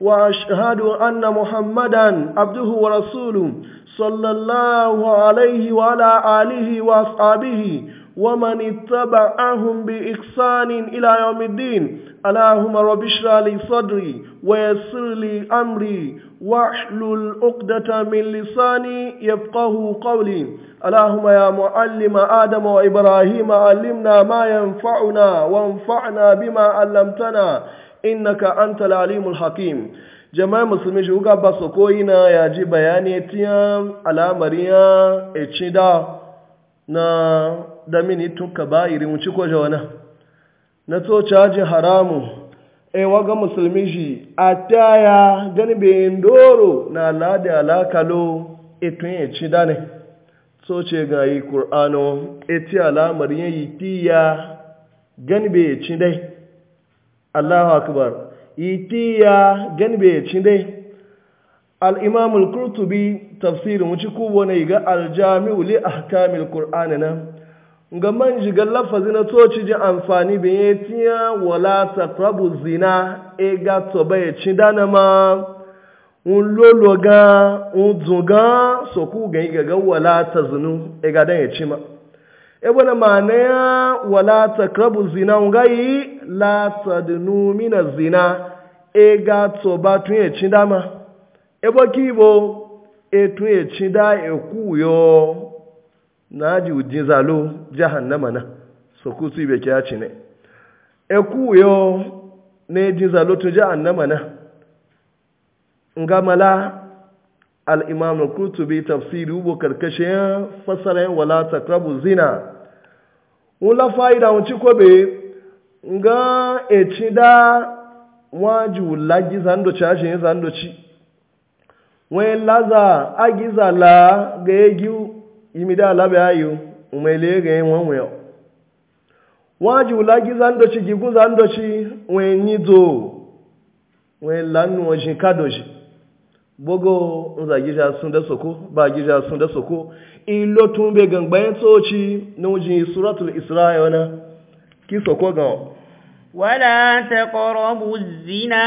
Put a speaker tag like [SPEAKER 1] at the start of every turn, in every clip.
[SPEAKER 1] واشهد ان محمدا عبده ورسوله صلى الله عليه وعلى اله واصحابه ومن اتبعهم باحسان الى يوم الدين اللهم رب اشرح لي صدري ويسر لي امري واحلل عقدة من لساني يفقه قولي اللهم يا معلم آدم وإبراهيم علمنا ما ينفعنا وانفعنا بما علمتنا innaka antal alimul hakim jama'a musulmi shi kuka ba su koyi na ya ji bayani tiya al'amari ya eci da na da mini ka ba iri ci ko jawana na to cajin haramu e waga musulmi shi a taya gani bayan doro na alada alakalo etun e, e da ne so ce ga yi kur'ano eti al'amari ya yi tiya gani bayan ci dai Allahu akbar itiya ganbe ci dai al-imam al-qurtubi tafsirin wuci kubo ne ga al-jami'u li ahkamil qur'ani na ga man jiga lafazi na toci ji amfani bin ya tiya wala taqrabu zina e ga to bai ci dana ma un lolo un zunga so ku ga ga wala tazunu e ga dan ya ci ma ebona mana ya wala takrabu zina ngai la tadnu mina zina ega ga to ba tun e chindama ebo kibo e tun e chinda e kuyo naji ujin zalo jahannama na sokutu ibe kya chine e kuyo ne jin zalo tun jahannama na ngamala al'imam kutubi tafsiri ubo karkashin fasarayin wala takrabu zina wula fa'ida wuce kwabe ga ci da waju lagi zandoci ashe zandoci wani laza agiza la ga egi imida alabe ayo umele ga yin wanwe waju lagi zandoci gigun zandoci wani nido wani lanu wajen kadoji bogo nza gija sun da soko ba gija sun da soko in tun be gangbayin tsoci na wujin suratul isra'i wana ki soko ga
[SPEAKER 2] wala taqrabu zina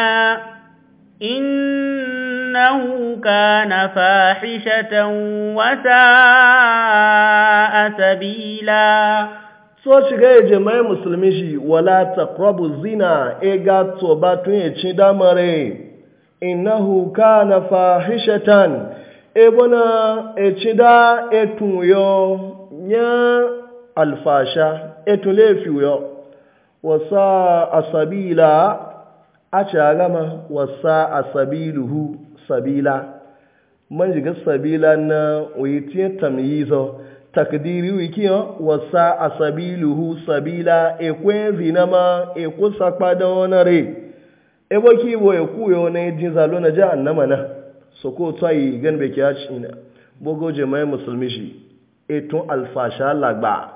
[SPEAKER 2] innahu kana fahishatan wa sa'a
[SPEAKER 1] sabila so shiga ya mai musulmi shi wala taqrabu zina e ga to ba tun ya ci damare innahu kana fahishatan ebona echida etuyo nya alfasha etulefiyo wasa asabila achagama wasa asabiluhu sabila man jiga sabila na uyitie tamyizo takdiri wikiyo wasa asabiluhu sabila ekwenzinama ekusakpadonare ebo bo ya yo na yajin zalo na ja annama na so ko tsayi gan be kiya shi na goje mai musulmi shi to alfasha lagba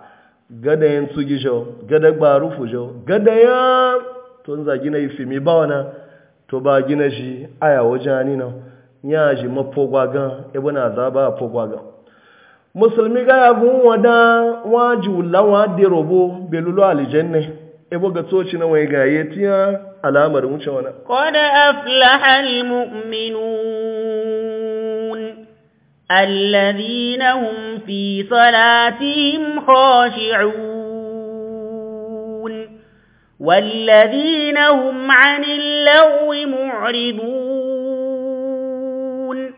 [SPEAKER 1] gada yan tsugi jo gada gba rufu jo gada ya to za gina yi fimi ba wana to ba gina shi aya wajen ani na ya ji mafogwa gan ebo na ba fogwa gan musulmi ga ya gun wada waju lawa de robo belulu alijanne ebo ga tsoci na wai ga yetiya alamar wuce wani
[SPEAKER 2] qad aflaha almu'minun alladhina hum fi salatihim khashi'un والذين هم عن اللغو معرضون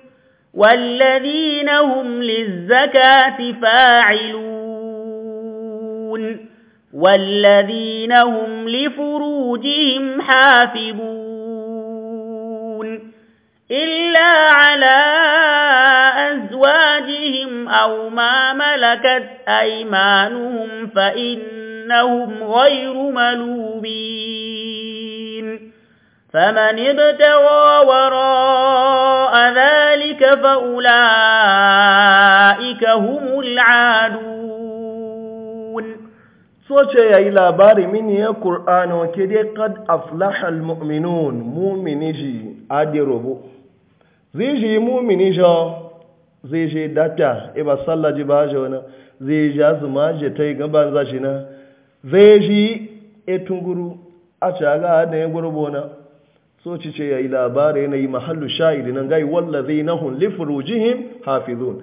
[SPEAKER 2] والذين هم للزكاة fa'ilun. والذين هم لفروجهم حافظون إلا على أزواجهم أو ما ملكت أيمانهم فإنهم غير ملوبين فمن ابتغى وراء ذلك فأولئك هم العادون
[SPEAKER 1] soce ya yi labari mini ya ƙur'ano ke dai kad aflahal mu'minun mumini ji adi robo zai ji mumini jo zai ji dafiya e ba ji ba zai ji azuma ji ta yi gaban za shi na zai ji e guru a caga da ya gurbo na So ce ya yi labari yanayi yi mahallu sha'idi nan gai walla zai nahun hafi hafizun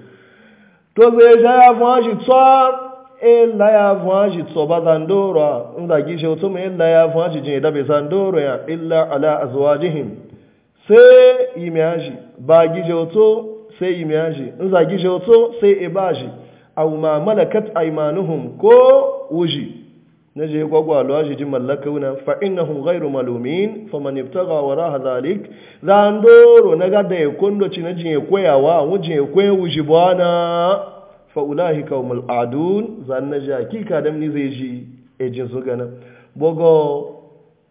[SPEAKER 1] to zai ji ya fashi tsar ila ya fashi tsoba zandora inda gishe otu mai ila ya fashi jini dabe zandora ya ila ala azwajihim sai yi miyashi ba gishe otu sai yi miyashi inda gishe otu sai e bashi aw ma malakat aimanuhun ko wuji je gwagwa shi ji mallaka wuna fa innahum ghayru malumin fa faman ibtaga wara dhalik zandoro naga da yakondo cinaje koyawa wuje koyi wuji bwana fa'ulahi kawmul adun zan na jaki da mini zai ji ejin su gana bogo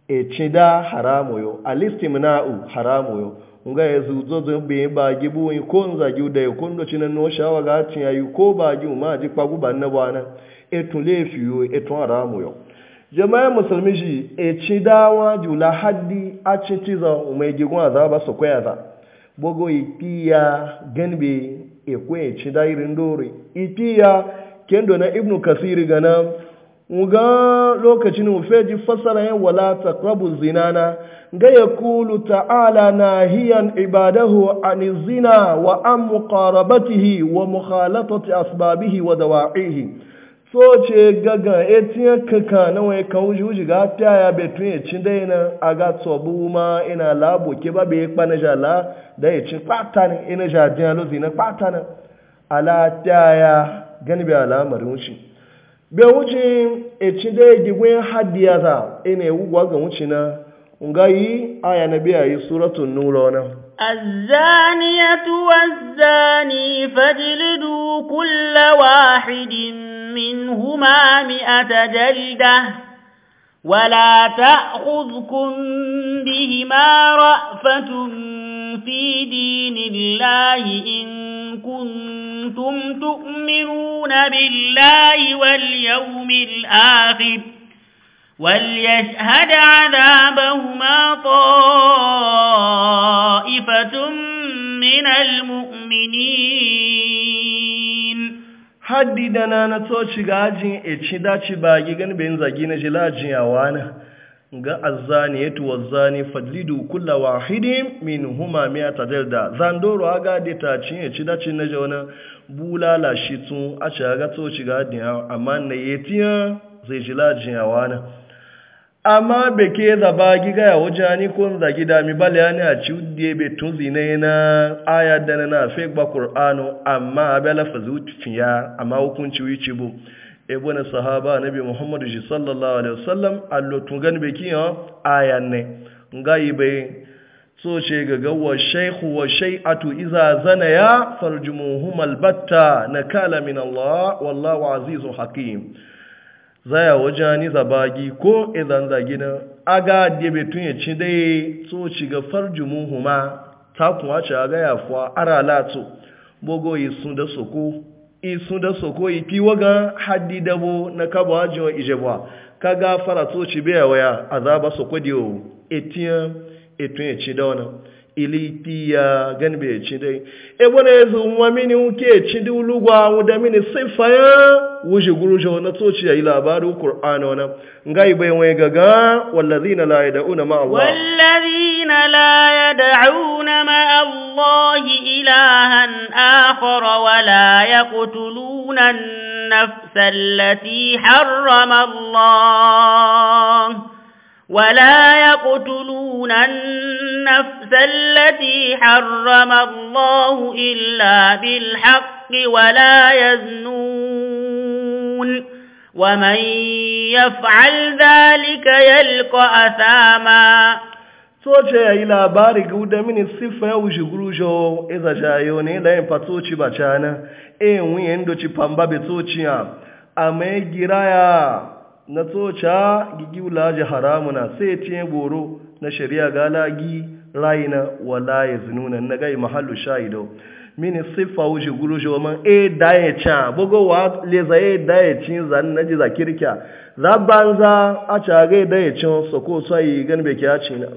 [SPEAKER 1] e cida haramu yo alistimna'u haramu yo ga ya e zuzo zo be ba gi yi ko nza gi da ko ndo na no shawa ga ya yi ko ba gi ma ji kwagu ba na bana e tun yo e tun yo jama'a musulmi ji e cida wa jula haddi a cin tiza umai gi azaba su kwaya za bogo ikiya ganbe ekwechi da dairin dori itiya kendo na ibnu kasiri gana nga lokacin ufeji fasara yin wala taqrabu zinana ga yakulu ta'ala nahiyan ibadahu an zina wa an wa mukhalatati asbabihi wa dawa'ihi soce gaga etinye kaka na wani kan wuji wuji ga fiya ya betun ya ci dai na a ga tsobu ma ina labo ke ba bai kpa na jala da ya ci kpata ne ina jadiya lozi na kpata na ala fiya ya gani bai alamarin wuce bai wuce ya ci dai gigwin hadiya za ina yi wugwa ga wuce na nga ngayi aya na biya yi suratun nura wani
[SPEAKER 2] الزانية والزاني فاجلدوا كل واحد منهما مئة جلدة ولا تأخذكم بهما رأفة في دين الله إن كنتم تؤمنون بالله واليوم الآخر وليشهد عذابهما
[SPEAKER 1] na na to ga ajin e ci daci ba gi gan ben zagi na ji lajin ya na ga azzani yatu tuwa fadlidu kulla wahidin min huma miya ta dalda zandoro aga de ta ci e ci daci na jauna bulala shi tun a ci aga to ga ajin amma na yetiya zai ji lajin ya na amma be ke zaba giga ya waje ni kun zagi da mi bale ya ni a ci udiye be tun zine na aya da na fi gba qur'ano amma abe lafazi ucin ya amma hukunci wuce bu ebo na sahaba bi Muhammadu shi sallallahu alaihi wasallam allo tun be kiyo aya ne ngai yi. so ce ga gawa shaykhu wa shay'atu iza zana ya farjumuhum albatta kala min allah wallahu azizun hakim zaya wajen ni zabagi ko idan zagi na aga da betun ya ci dai so ci ga farjumu huma ta kuma ci aga ya fuwa ara lato bogo yi sun da soko yi sun da soko yi fi waga haddi dabo na kaba ajiyar ijebuwa ka ga fara so ci biya waya azaba soko da yau etiyan etun ya ci da wani ili tiya gani bai ci dai ebo na yanzu wa mini ke ci dulugwa wuda mini sifa ya wuji guruja wani tsoci ya yi labarin ƙur'ana wani ngai bai wai gaga wallazina la yad'una ma Allah
[SPEAKER 2] wallazina la yad'una ma Allah ilahan akhar wa la yaqtuluna an-nafsa allati harrama Allah ولا يقتلون النفس التي حرم الله إلا بالحق ولا
[SPEAKER 1] يزنون ومن
[SPEAKER 2] يفعل ذلك يلقى أثاما
[SPEAKER 1] soce ya yi labari guda mini sifa ya wuce wa iza jayo ne layin fatoci ba cana e wuyen doci pamba betoci a mai giraya na tsoca gigiwula ji haramuna sai ce boro na shari'a lagi raina wala ya zinuna na gai mahallu sha'ido mini siffa wuce guru shi waman e eh, daya ca bugu wa leza e eh, daya ci zan na ji za kirkya za banza a ca gai daya ci so ko sai gan be kya ci na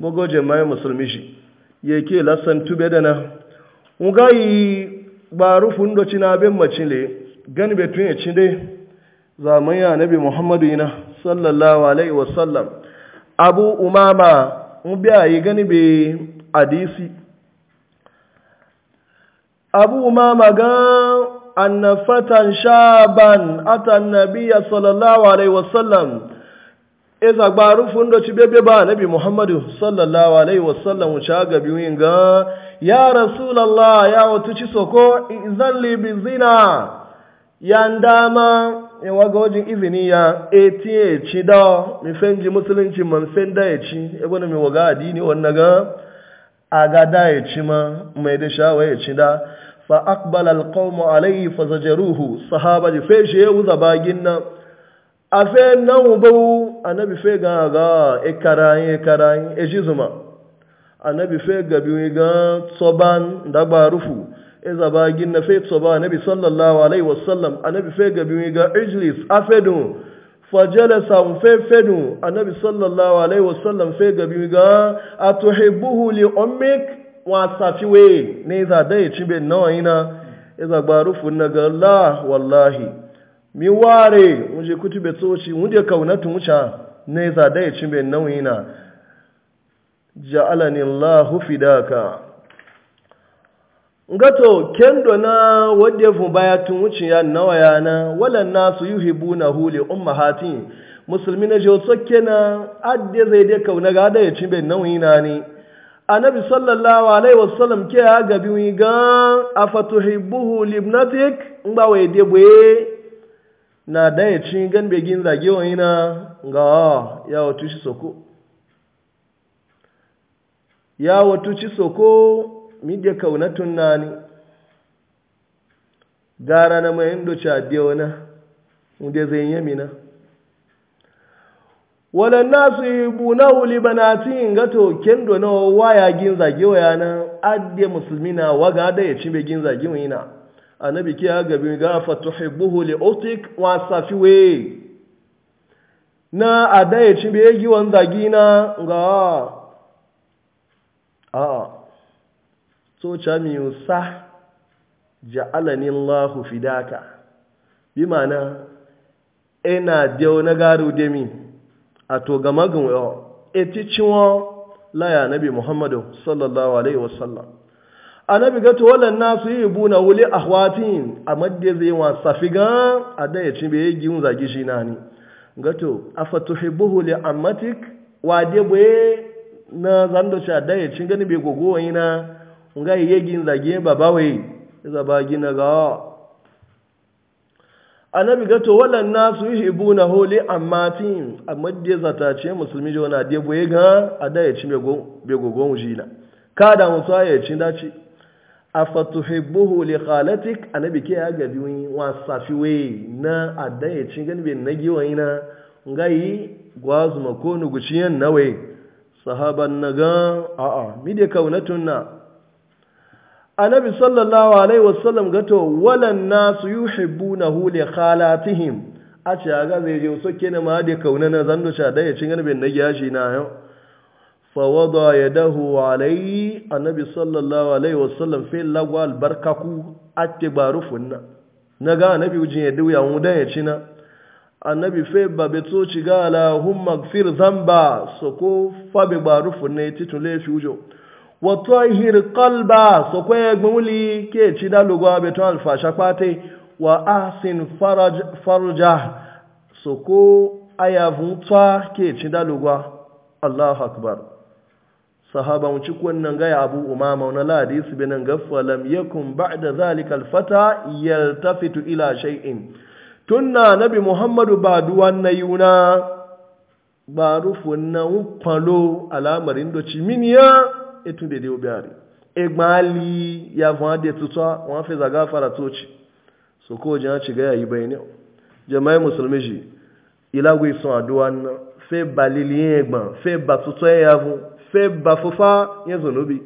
[SPEAKER 1] bugu jama'i musulmi shi Ya ke lasan tube da na yi ba rufin do cina macin macile gan be tun ya ci dai zamanya nabi muhammadu yana sallallahu alaihi wasallam abu umama mu biya yi gani be hadisi abu umama ga annafatan shaban ata nabiya sallallahu alaihi wasallam iza gbaru da ci bebe ba nabi muhammadu sallallahu alaihi wasallam wuce ga biyun ga ya rasulallah ya wata ci soko izan libin zina yan dama in waga wajen izini ya etiye ci da mi fenji musulunci ma fen da ya ci ibn mi waga adini wanda ga Agada da ya ci ma mai da shawa ya ci da fa aqbala alqawm alayhi fa zajaruhu sahaba ji fe she uza bagin na a fe nan bau annabi fe ga ga e yin. e karayin e annabi fe ga ga tsoban da rufu iza ba gin na fetso ba nabi sallallahu alaihi wasallam annabi fe gabi ga ijlis afedun fajalasa mfefedun annabi sallallahu alaihi wasallam fe gabi ga atuhibbuhu li ummik wa safiwe ne za dai cibe nawa ina iza gbarufu na ga la wallahi mi ware muje kutube tsoci muje kaunatu mucha ne za dai cibe nawa ina ja'alani allah fidaka ngato kendo na wadda ya baya tun wuce ya nawa yana wala nasu yuhibu na huli ummahati musulmi na je so na adde zai dai kauna ga da ya ci bai nauyi na ni annabi sallallahu alaihi wasallam ke ya gabi wi ga afatuhibbuhu libnatik ngba wai dai boye na da ya ci gan be gin zage wani na ga ya wato shi soko ya wato shi soko midya kauna tunani gara na mai indo chadiya wana inda zai yi mina waɗanda su ibu na wuli banatin gato kendo na waya gin zage yana nan adde musulmi na waga da ya cimbe gin zage wani na annabi ke ya gabi ga fatuhibbuhu li utik wa safiwe na ada ya cimbe giwan zage na ga a'a so cami yusa ja'alani Allah fidaka bi mana ina biyo na garu de mi a to gama gan yo eti ciwo la ya nabi Muhammadu sallallahu alaihi wasallam annabi ga gato wallan nasu na wuli ahwatin amadde zai wa safiga ada ya bai yi giun zagi shi ni. gato afatuhibbuhu li ammatik wa de boye na zando cha da ya gani be gogo na. nga yi gin zage baba wai ba gina ga annabi ga to wallan nasu yuhibuna hu li ammatin amma dai zata ce musulmi jona dai boye ga ada ya ci be go be go go jina kada A ya ci dace afatuhibbuhu li khalatik annabi ke ya gabi wa safi we na ada ya ci gani be na giwa na nga yi gwazu makonu guciyan nawe sahaban naga a'a mide kaunatun na annabi sallallahu alaihi wasallam gato walan nasu yuhibbunahu li khalatihim a ce ga zai je so ke ma da kauna na zando sha da ya cin ganin na gashi na yau fa wada yadahu alai annabi sallallahu alaihi wasallam fi lagwa albarkaku atibaru funna na ga annabi ujin ya duya mu da ya na annabi fe babe to ci ga la hum magfir zamba so ko fa be baru funne titule fi wujo watahir qalba so ko egbuli ke ci dalugo abeto alfasha pate wa ahsin faraj farja so ko aya ke ci dalugo Allahu akbar sahaba mun ci wannan ga Abu Umama na hadisi binan gaffa lam yakun ba'da zalika alfata yaltafitu ila shay'in tunna nabi Muhammadu ba duwan nayuna ba rufun na kwalo alamarin doci miniya etu dede obiari egbali ya vande tutwa wọn fi zaga fara toci so ko jan ci ga yayi bayani jama'i musulmi ji ilagu isun aduwa na fe balili egban fe ba tutwa ya vu fe ba fufa ya zunubi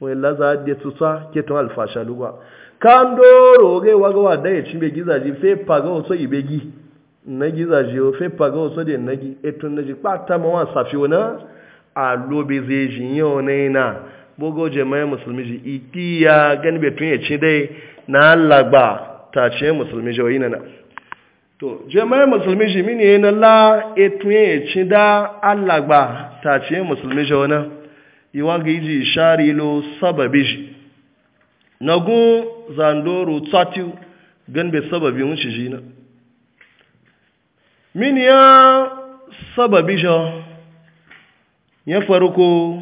[SPEAKER 1] wọn laza de tutwa keton alfasha luba kan doro ga waga wa dayi da ya cimbe gizaji fe paga oso ibegi na gizaji o fe paga oso de gi na nagi etun naji kpata ma wa safi na. a lobe zai ji yau na yana bugo musulmi ji iti ya gani betun ya ci dai na lagba ta ce musulmi ji nana to jama'i musulmi ji mini yana la etun ya ci da alagba ta ce musulmi ji wani iwa ga iji shari lo sababi ji na gun zandoro tsatiu gani bai sababi mun shi ji na mini ya sababi ji ya farko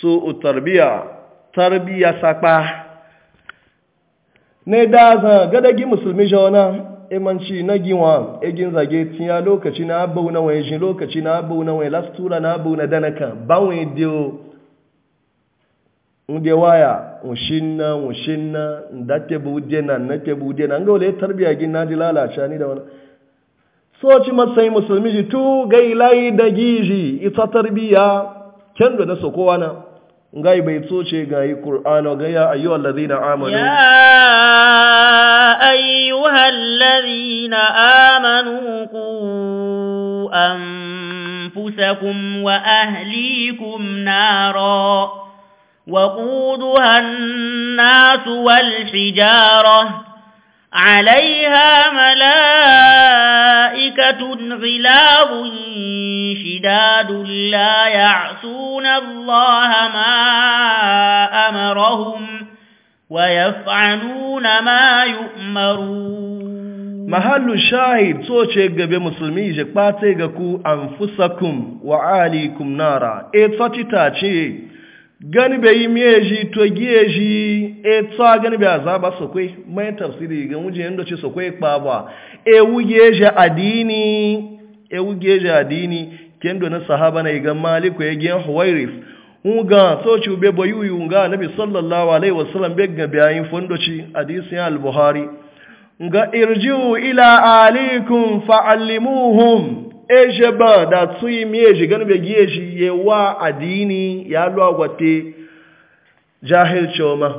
[SPEAKER 1] so tarbiya tarbiya sapa. ne da zan gadagi musulmi jona imanci e na giwa egin zage tiya lokaci na abu na wani shi lokaci na abu na wani lastura na abu na danaka banwe dio ndi waya mushinna mushinna ndate budena nake budena ngole tarbiya gin na ji lalace ni da wani soci matsayin musulmi ji tu gai layi da giji ita tarbiya kyan da nasa kowa na Ngai bai soce ga yi ƙur'ano ga ya ayyuwa lalazina amanu ya
[SPEAKER 2] ayyuwa lalazina amanu ku anfusakum wa ahlikum naro wa ƙuduhan nasu wal hijara عليها ملائكة غلاب شداد لا يعصون الله ما أمرهم ويفعلون ما يؤمرون
[SPEAKER 1] محل الشاهد سوچه غبي مسلمي جكباتي غكو أنفسكم وعاليكم نارا اي تاتي تاتي gani bai yi miye shi to giye shi e tsa gani bai azaba sakwai mai tafsiri ga mujin yadda ce sakwai kpaba e wuge shi adini e wuge shi adini kendo na sahaba na igan maliku ya giyan huwairif nga so ci be boyu yunga nabi sallallahu alaihi wasallam bai ga bayin fondoci hadisi al-buhari nga irji'u ila alikum fa'allimuhum eje ba da tsuyi miyeji gani bai giye shi wa adini ya luwa gwate jahilci ma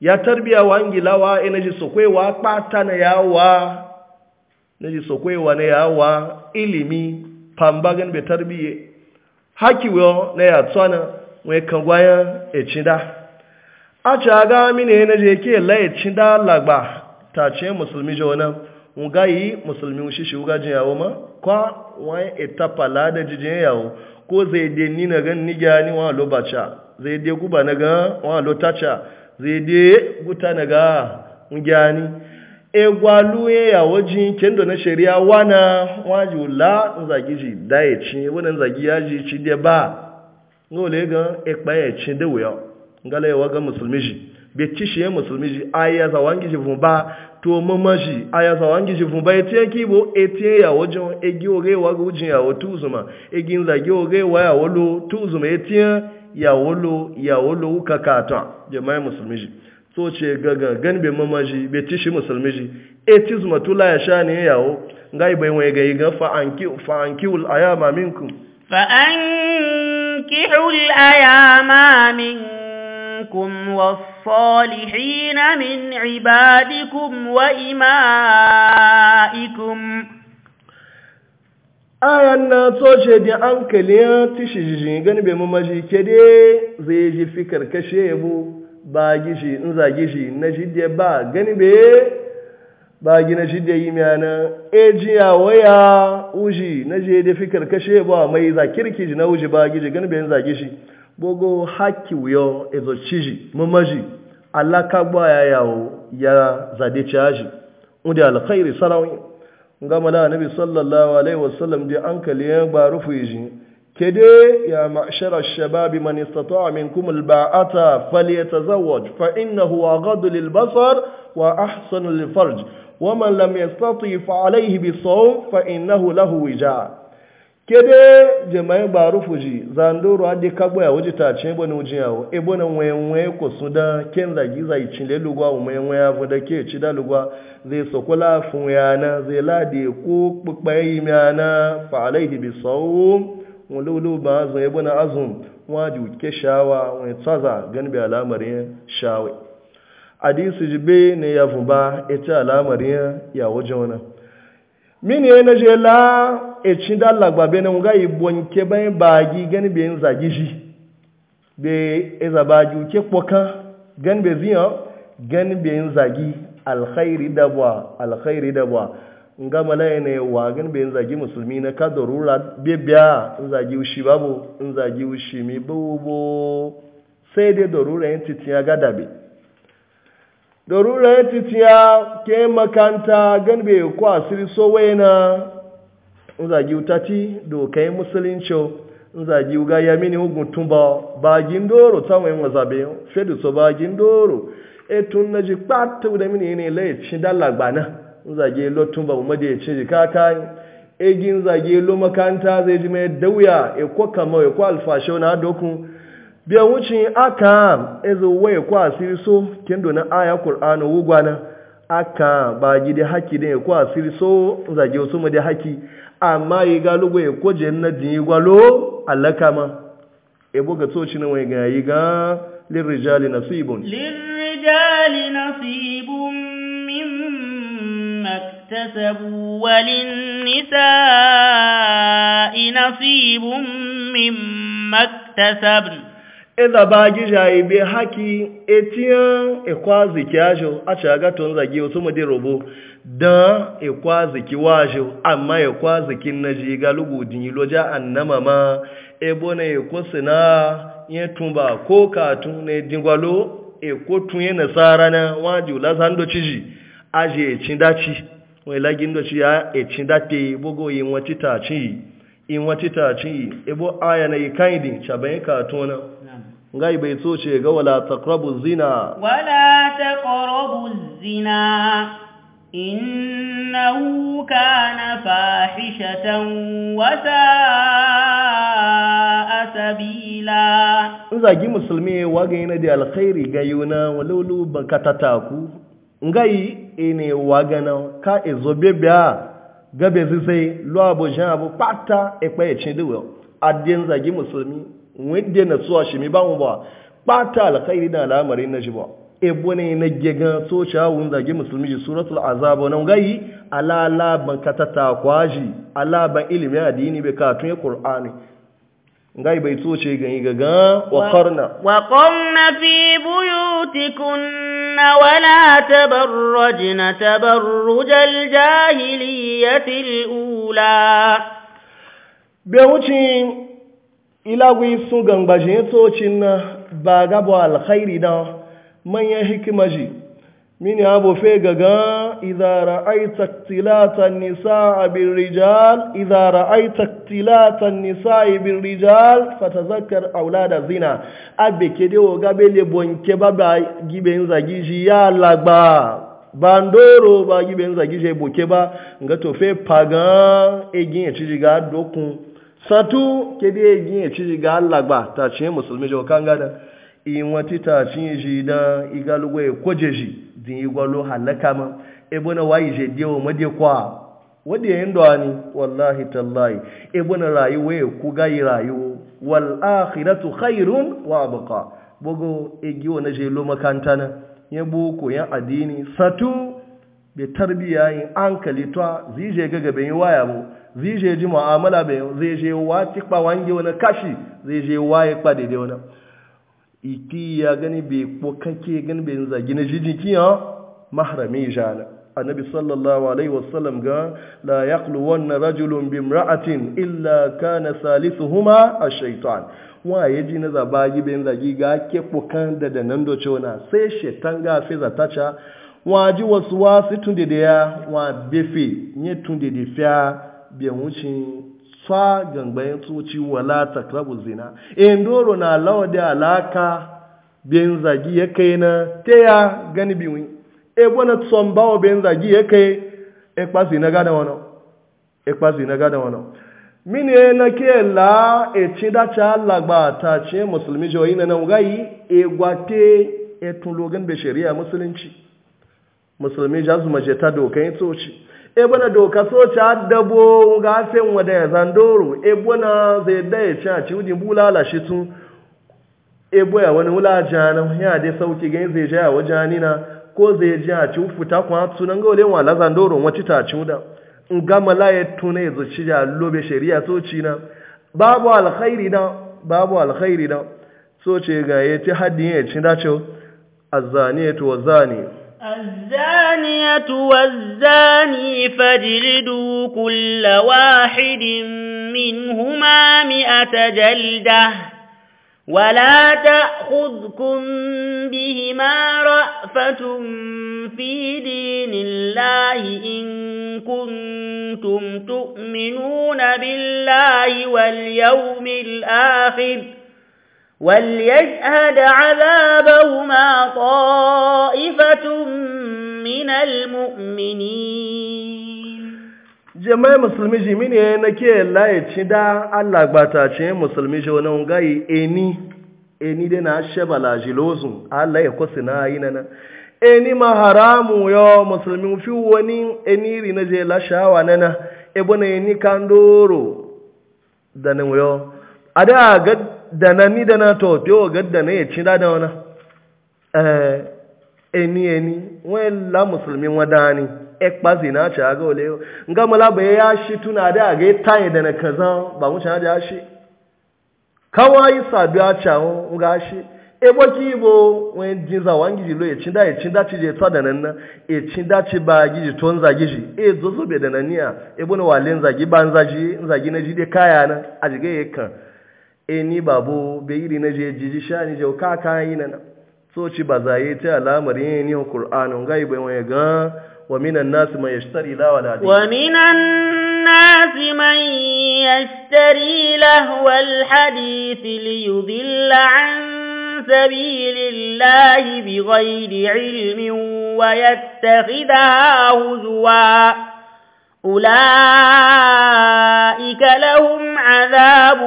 [SPEAKER 1] ya tarbiya wangilawa ina ji sokwewa pata na yawa na sokwewa na yawa ilimi pamba gani bai tarbiye haki wo na ya tsana wai kan gwayan echinda a ci aga mini na je ke la echinda lagba ta ce musulmi jona nga musulmi shi shi uga ma kwa wani etapa lada jijin yawo ko zai de ni na gan ni gani wa lo bacha zai de guba na ga wani lo tacha zai de guta na ga ngani egwaluye ya waji kendo na shari'a wana waji ula nzagi ji daye ci wani nzagi ya ji ci de ba ngole ga ekpa e ya ci de wuya ngala ya waga musulmi ji be cishiye musulmi ji aya za wangi ji vumba to mama ji aya za wangi ji vumba etie kibo etie ya wojo egi oge wa gujin ya otuzuma egi nza gi oge wa ya wolo tuzuma etie ya wolo ya wolo ukakata jama'i musulmi ji so ce gaga gani be mama ji be tishi musulmi ji etizuma tula ya shani yawo ngai bai wai ga ga fa anki fa anki ul ayama minkum
[SPEAKER 2] fa ankihu al ayama minkum was الصالحين من عبادكم
[SPEAKER 1] وإمائكم ayan na tsoce din an kaliya tishiji gani bai mamaji ke dai zai ji fikar kashe yabo ba gishi in za gishi na jidde ba gani bai ba gina jidde yi miyana e ya waya uji na je da fikar kashe ba mai za ji na uji ba gishi gani bai in za gishi bogo haki wuyo ezo ciji mamaji alaka ya yawo ya zade caji wadda alkhairi sarawin gama da nabi sallallahu alaihi wasallam da an ya ba rufu yi kede ya ma'ashara shababi man istata'a minkum ya falyatazawwaj fa huwa gadu lilbasar wa ahsanu lilfarj wa man lam yastati fa alayhi bisawm fa innahu lahu wija' kebe jemai gbaru ji zandoro adi kagbo ya wuji ta ce bane wuji yawo e bane wenwe ko su da ken zagi zai cin le lugwa o mai wenwe fu da ke ci da lugwa zai sokola fun ya na zai lade ko pukpa yi mi ana fa alaihi bi sawm wululu ba zai bane azum waju ke shawa wani tsaza gan bi alamarin shawe hadisi jibe ne ya fuba ita alamarin ya wajen wannan mini ya na je la e cinda da lagba bene n ga ibon ke bagi gani be yin zagi shi be e za bagi ke poka gan be ziyo gan be yin zagi alkhairi dabwa alkhairi dabwa nga malaya ne wa gan be yin zagi musulmi na ka darura be biya in zagi shi babu in zagi shi mi bobo sai dai darura yin titiya gadabe darura ya titiya ke makanta ganbe ko asiri wena na nzagi utati dokai musulunci nzagi uga yamini mini ugun tumba bagin doro tanwe mazabe fedu so bagin doro etun na ji pata da mini ne lai cin dalagba na nzagi lo tumba mu made cin ji kaka egin zagi lo makanta zai ji mai dauya e ko kama e alfashe na dokun biya wucin aka ezo waye kwa asiri so kendo na aya qur'anu wugwana aka ba gidi haki ne kwa asiri so zage wasu mu da haki amma yi galugo ya ko jannati yi gwalo allaka ma ebo ga tsoci na waye ga yi ga lirrijali nasibun
[SPEAKER 2] lirrijali nasibun mimma walin walinnisa'i nasibun min
[SPEAKER 1] iktasabna eza ezaba gijayi be haki etiyan ekwaziki ajo acha agato nzagi otu mudi robo dan ekwaziki wajo amma ekwaziki naji galugu diniloja annama ma ebo na ekosi na ihe tumba ko katu na edingwalo eko ye nasara na waju lasan dochiji aje echindachi wọn ilagi ndochi ya echindate bogo yi wọn tita chi yi wọn tita chi ebo aya na yi kaidi chabayin katun na ngai bai so ce ga wala taqrabu zina
[SPEAKER 2] wala taqrabu zina innahu kana fahishatan wa sa'a sabila
[SPEAKER 1] in zagi musulmi ga yana da alkhairi ga yuna walulu bakatata ku ngai ene ga na ka ezobe bia gabe zise lo abojan abu pata epe echin adien zagi musulmi wadda na tsuwa shi mi ba mu ba ɓata alkhairi na al'amarin na shi ba ebo ne na gega so shawun zage musulmi ji suratul azabu na ngai ala laban katata kwaji ala ban ilimi addini be ka tun qur'ani ngai bai so ce gani gaga wa qarna
[SPEAKER 2] wa qamna fi buyutikunna wa la tabarrajna tabarrujal jahiliyatil ula
[SPEAKER 1] be wucin ilagwi su gangbajin to na ba gabo alkhairi na manyan hikimaji mini abu fe gaga idara aita tilatan nisa a bin rijal aita tilatan nisa a bin rijal fata zakar aulada zina abe ke dewo gabe lebon ke baba gibe ji ya lagba bandoro ba gibe zagiji ya e boke ba nga fe pagan egin ya e ci ga dokun satu ke yi gin ya e ci ga Allah ba ta ci musulmi jo kan gada in wati ta ci ji da igalwe e koje ji din igwalo halaka ma e bona wayi je o made kwa wadi yin e ani wallahi tallahi e bona we ku ga rayu wal akhiratu khairun wa abqa bogo e giwo na je lo makanta na ya ko ya adini satu bai tarbiya yin an kalitwa zije gaga bai yi waya bu zije ji mu'amala bai zai je wa tikpa wange wani kashi zai je waye kpa daidai wani iki ya gani bai ko kake gani bai zagi na jijin kiya mahrami jana annabi sallallahu alaihi wasallam ga la yaqlu wanna rajulun bi imra'atin illa kana salisuhuma ash-shaytan wa ji na zabagi bai zagi ga ke ko kan da nan do cewa sai shaitan ga fi zatacha waji wasu wasu tun da ya wa befe nye tun da da fiya biyan wucin tsa gangbayin tsoci wala takrabu zina indoro na lawa da alaka biyan zagi ya kai na ta ya gani biwi e bona tson bawo biyan zagi ya kai e kpasi na gada wano e kpasi na gada wano mini na ke la e cinda cha lagba ta ce musulmi joyi na nan gayi e gwate e tun logan be shari'a musulunci musulmi ja su mace ta dokan soci e bana doka soci a dabo ga fen wada ya zandoro e bana zai daya ci a ci wujin bulala shi tun e boya wani wula jana ya dai sauki gani zai ja wa janina ko zai ji a ci futa kun sunan nan gaule wa la zandoro wacce ta ci wuda in ga malaye tunai zo ci ja lobe shari'a soci na babu alkhairi na babu alkhairi na soce ga ya ci haddin ya ci dace azzaniyatu wazani
[SPEAKER 2] الزانية والزاني فاجلدوا كل واحد منهما مئة جلدة ولا تأخذكم بهما رأفة في دين الله إن كنتم تؤمنون بالله واليوم الآخر ۖ وليشهد عذابهما طائفة من المؤمنين
[SPEAKER 1] jama'i musulmi jimi ne na ke layaci da allah gbatace musulmi ji wani gayi eni eni dai na shebala jilozu allah ya kwasi na yi na eni ma haramu yo musulmi fi wani eniri na je lashawa na na ebo na eni kandoro da nan yo a da ga da na ni da na to te o gadda na ya ci da da eh, eni eni wen la musulmi wadani e na cha ga ole nga mala ba ya shi tuna da ga tayi da na kaza ba mu cha ya shi kawai sabi a cha nga shi e boki bo wen jinza wangi ji lo ci je na ci ba e da niya na e kaya na a e ni babu be iri na je jiji shani je ka ka yi na so ci ba zaye ta alamari yin ni qur'anu ngai bai wani ga wa minan nas man yashtari la wala wa
[SPEAKER 2] minan nas man yashtari wal hadith li yudilla an sabilillahi ghairi ilmin wa yattakhidha huzwa أولئك لهم عذاب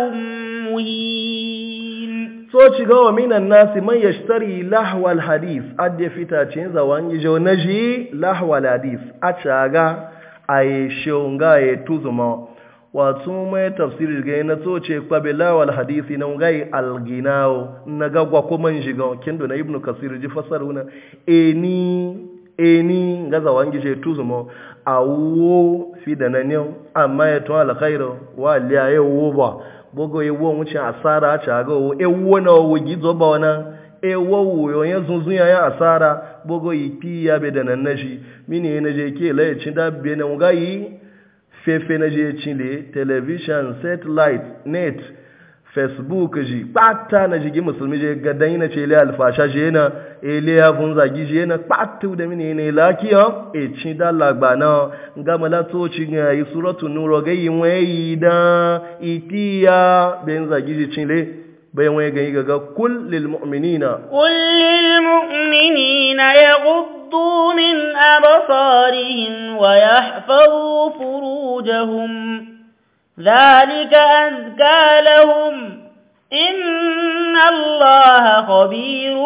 [SPEAKER 2] muhin
[SPEAKER 1] so ci gawa minan nasi man yashtari lahwal hadis adde fita ce zawan yi jo na ji lahwal hadis a caga a yi shonga ya tuzuma wato mai tafsirin gai na so ce kwabe lawal hadisi na ngai alginawo na gagwa kuma shiga kindo na ibnu kasir ji fasaru na eni eni ga zawan gije tuzumo awo fi da nan yau amma ya to alkhairu wa liya yau ba bogo ewo wucin asara ci agawo ewo na owo gizo ba wana ewo wuyo ya zunzun ya asara bogo ipi ya be da nan nashi mini na je ke le cin da be na ngai fefe na je cin le television satellite net facebook ji kpata na jigi musulmi je ga dan na ce ile alfasha je na ile ya fun zagi je na kpata da mini ne laki ha e chi da lagba na nga mala to chi ga yi suratu nuro ga yi we yi da itiya ben zagi ji chi le bai we ga yi ga kul lil mu'minina
[SPEAKER 2] kul lil mu'minina yaghuddu min abasarihim wa yahfazu furujahum ذلك أزكى لهم إن الله خبير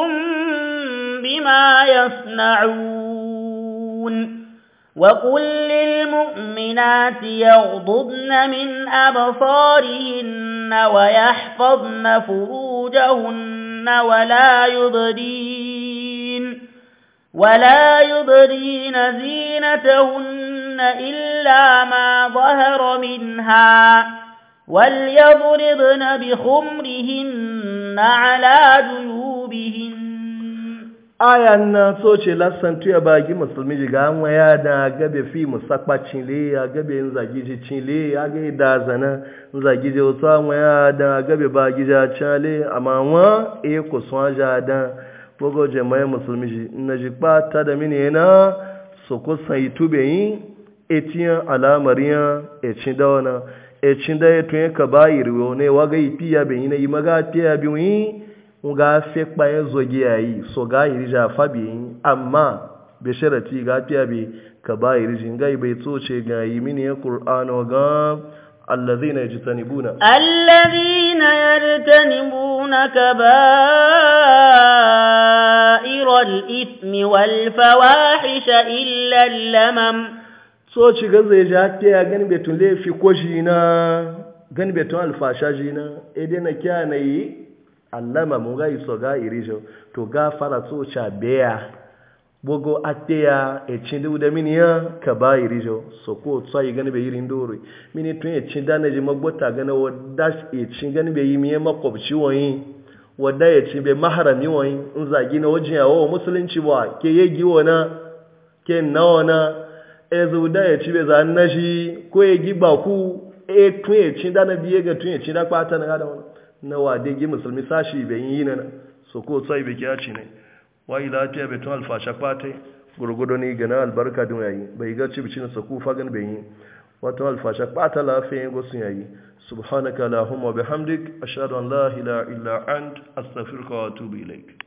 [SPEAKER 2] بما يصنعون وقل للمؤمنات يغضضن من أبصارهن ويحفظن فروجهن ولا يبدين
[SPEAKER 1] ولا
[SPEAKER 2] يبدين زينتهن إلا ما ظهر منها وليضربن بخمرهن على جيوبهن
[SPEAKER 1] ayan na so ce lasantu ya bagi musulmi jiga an waya da gabe fi musakpa cile a gabe yin zagiji cile a ga da zana zagiji wasu an waya da gabe bagi ja cale amma wa e ku sun ja da bugo jama'i musulmi ji na ji kpata da mini yana su kusan yi tube yin etiyan alamariyan etin da wana etin da ya tun ka ba yi ne wa ga yi piya bin yina yi maga piya bin yi un ga fe pa ya zoge yayi so ga yi rija fa bin amma be sharati ga piya bi ka ba yi ga yi bai ce ga yi mini ya qur'ano ga الذين يجتنبون
[SPEAKER 2] الذين يجتنبون كبائر الإثم والفواحش إلا اللمم
[SPEAKER 1] so ci gaza ya ji hatta ya gani betun laifi ko shi na gani betun alfasha shi na ɗaya eh na kya na yi allama mun ga iso ga irijo to ga fara so cha beya bogo ateya e chindu da mini ya ka ba irijo so ko tsa yi gani be yirin dore mini tun e da na ji magbota gana wa dash e gani be yi miye makwabci woyin wadda ya e ci be maharami woyin in zagi na wajen yawo musulunci ba ke yegi wona ke nawa na ezu da ya ci bai za na shi ko ya gi ba ku e tun ya ci dana biye ga tun ya ci da kwata na gada wani na wade gi musulmi sashi bai yi na so ko tsayi bai kiya ci ne wa ila ta bai tun alfasha kwata gurgudu ne gana albarka dun yayi bai ga ci bicin sa ku fagan bai yi wata alfasha kwata lafiya go sun yayi subhanaka allahumma bihamdik ashhadu an la ilaha illa ant astaghfiruka wa atubu ilaik